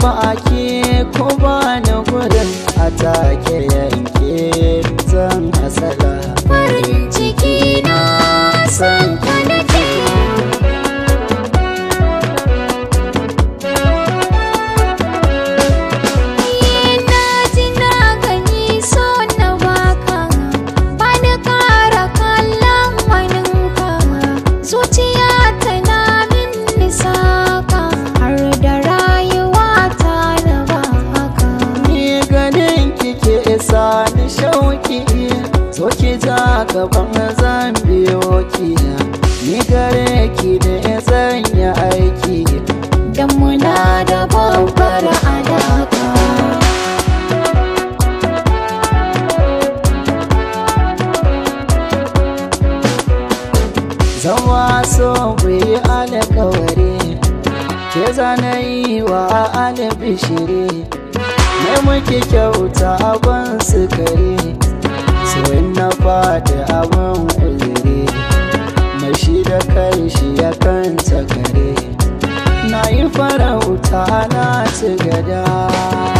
taba ake ko ba na gudun a take yanke zan asali ki ja gaban zan biyo ki ni gare ki da ya sanya aiki dan muna da babbar alaka zama so muyi yi alkawari ke yi wa alibishiri mai muke kyauta abin sukari na faɗi abin uzuri mashi da kai shi ya kan tsakare na yi farauta na ci gada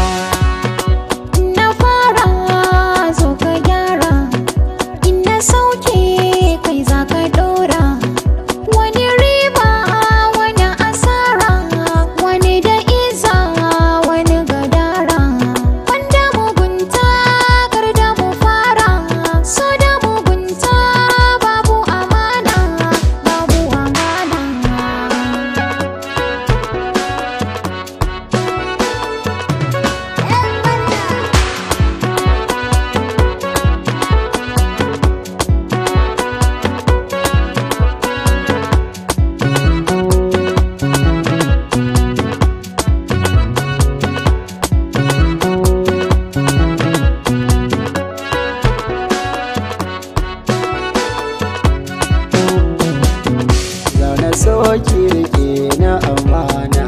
zo kirki na amana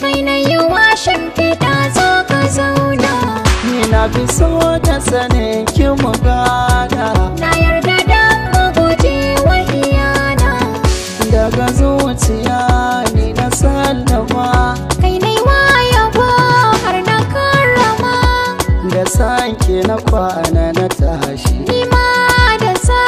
kai na yi washin fita zo ka zauna ni na fi so ta sanin ki mu na yarda da maguje wa iyana daga zuciya ni na sallama kai na yi har na karrama da sanke na kwana na tashi ni ma da sanke